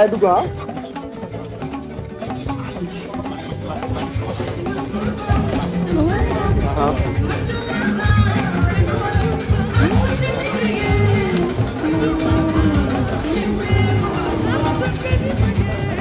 ay dugg ah ah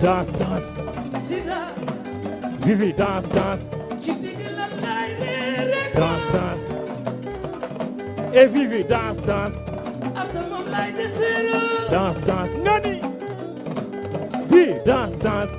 danse danse. Zina. Vivi danse danse. ci digg la laay reere. danse danse. et Vivi danse danse. Abdou moom laay deseero. danse danse nga ni. vi danse danse.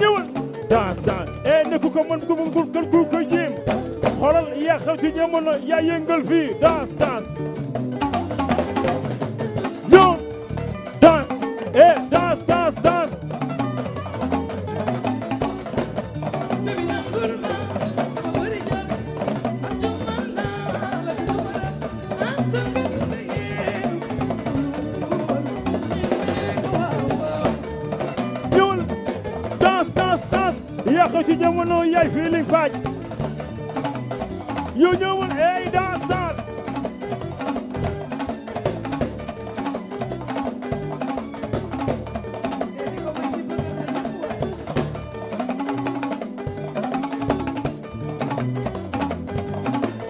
ñëwal. danse danse et ne ko mën ku ko jéem. xoolal yaa xaw ci jamono yaa yëngal fii danse danse. ko ci jamono yaay feeling faaj yu ñëwul ey dans dans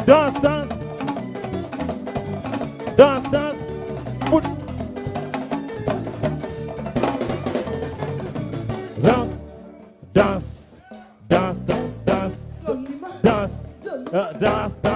dans dans dans dans put dans dans das, uh, das